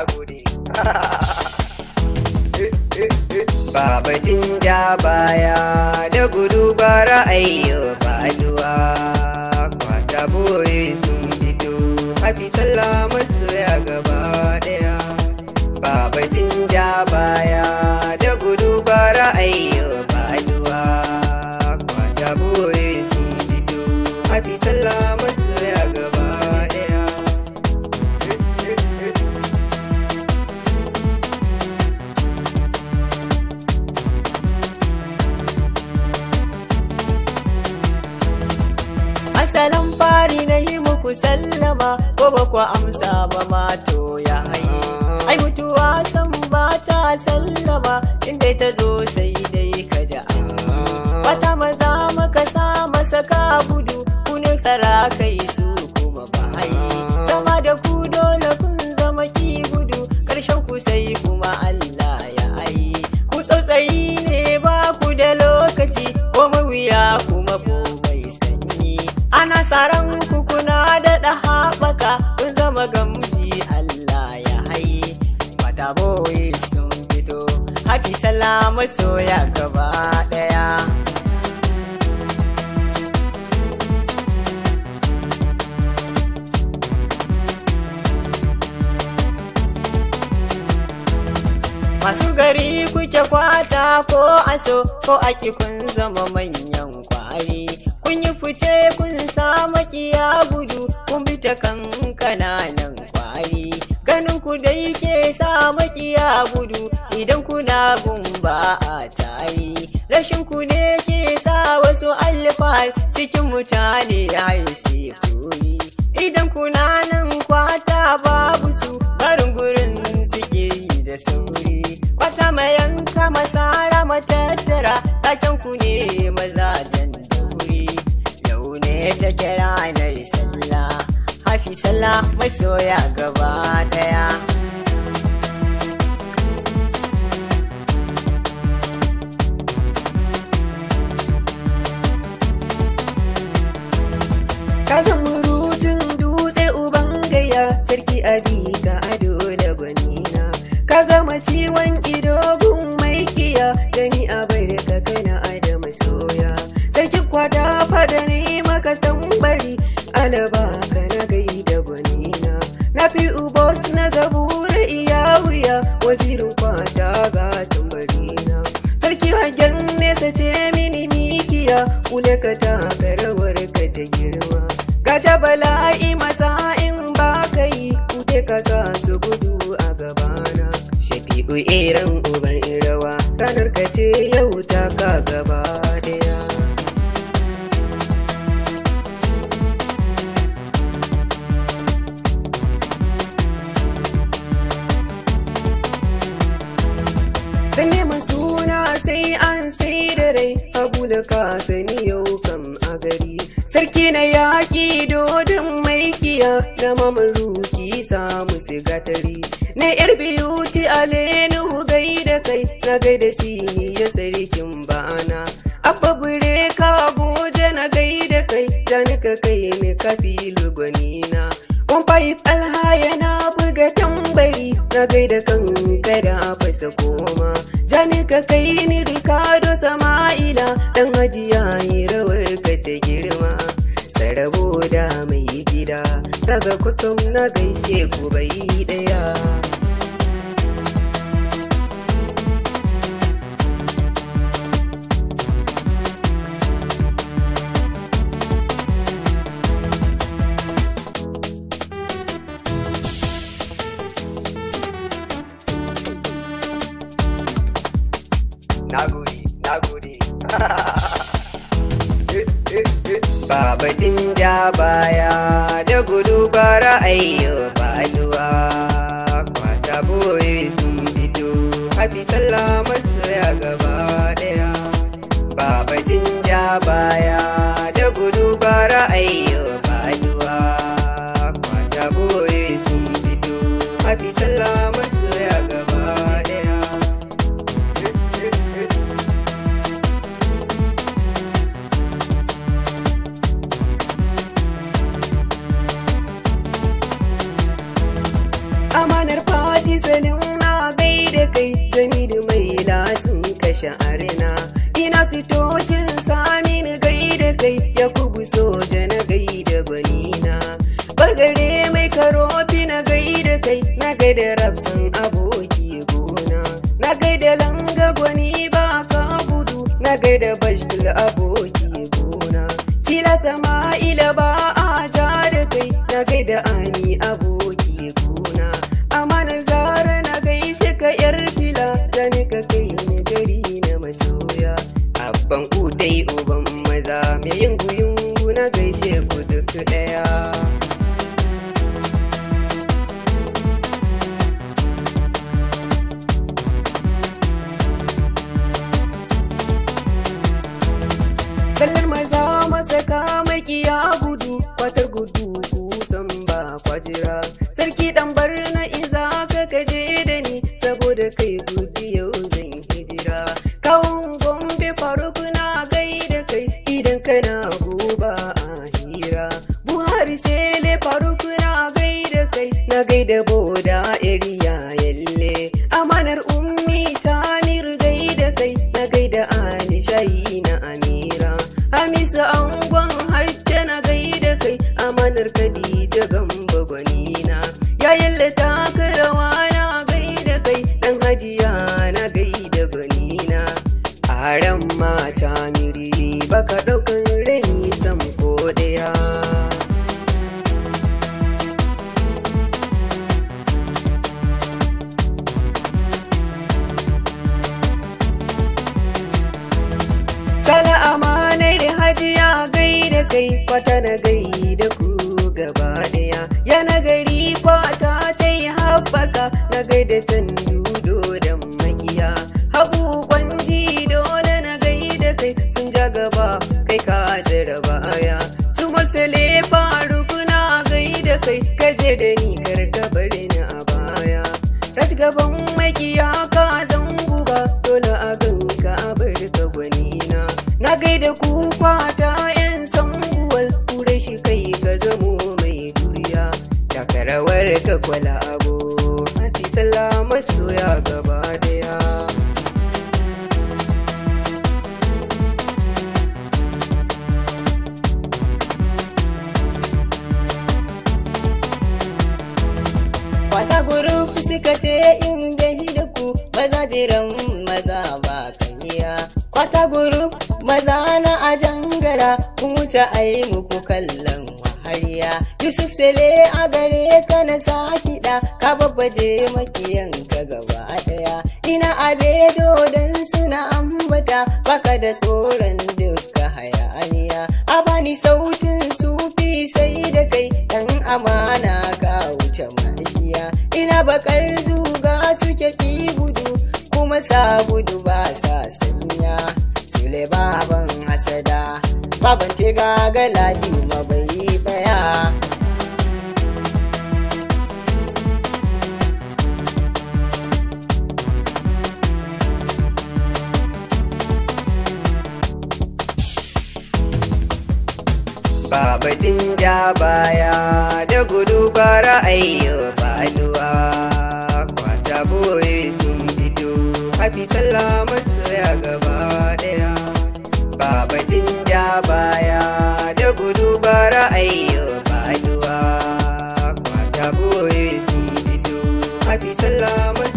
na gode Baba baya da gudu bara ayyo faduwa kwata boye sun fito hafi sallama ku sallama ko ba ku amsa ba ma to ya haye ai mutuwa san ba ta sallama inda ta zo sai dai ka ji wata maza maka sa masa ka gudu kunu tsara kai su kuma ba haye zama da ku dole kun zama ki gudu karshen ku sai kuma Allah ya haye ku tsautsayi tsaron kukuna da daɗa haɓaka kun zama gamji Allah ya haye mata boye sun fito hafi salama soya gaba ɗaya Masu gari kuke kwata ko aso ko aki kun zama manyan kwari fice kun samu kiya gudu kun bi ta kan kananan kwari ganin ku dai ke samu kiya gudu idan kuna ba a tari rashin ku ne ke sa wasu alfahar cikin mutane har sai koyi idan kuna nan kwata babu su barin gurin suke yi da sauri kwata mayanka masara matattara taken ku ne maza ta kira da sallah hafi salla mai soya gaba daya kasan murutun dutse uban gaya sarki abi ga ka ce yau ta ka gaba daya Ka neman suna sai an sai da rai, abu da ka sani yau a sarki na yaƙi dodin mai kiya na mamaruki samu sigatari na yar biyuti alenu gai da kai na gai sini ya sarkin bana abba bure ka abuja na gaida da kai ta nika kai ni kafi lugwanina Kun fahim alhaya na buga tambari na gaida kan kada fasa koma. janika ka kai ni Ricardo Sama'ila dan hajiya yi rawar rabo da mai gida daga kusan na gaishe ku bai daya Naguri, batin da baya da gudu bara ayyo baluwa kwata boye sun fito habi sallah masu ya gaba daya ba batin ja baya fasitokin samin gaida kai ya kubu soja na gaida gwanina bagare mai karofi na gaida kai na da rafsan aboki gona na da langa gwani ba ka gudu na gaida bashbil aboki gona kila sama'ila ba a ja da kai na da ami aboki Yeah. ranar ta gamba gwanina yayin litaka rawa na gaida kai dan hajiya na gaida gwanina ran mata miri baka daukar rani sam ko daya Sala da hajiya gaida kai kwata na da tandudo da makiya habu kwanji dole na gaida kai sun ja gaba kai ka tsira baya su marsale faruk gaida kai kaje da ni karka bari ni a baya rash gaban makiya ka ba dole a ganka bar ka gwani na na gaida ku kwata yan sanguwal kure shi kai ka zamo mai juriya takarawar ka kwala abu sallah masoya gaba daya Wata guru suka ce in gahi da ku mazajiran maza ba kariya. Wata guru maza na a jangara kun wuce a yi muku kallon ariya yusuf sele a gare ka na sa kiɗa ka babbaje makiyan ka gaba ɗaya ina abedo don suna ambata baka da tsoron duka hayaniya a bani sautin sufi sai da kai dan amana ka wuce makiya ina bakar zuga suke ki gudu kuma sa gudu ba sa sanya sule baban hasada baban te ga galadi mabai batun da baya da gudu bara ayyo faduwa kwata boye sun fito hafi sallah ya gaba daya batun da baya da gudu bara ayyo faduwa kwata boye sun fito hafi sallah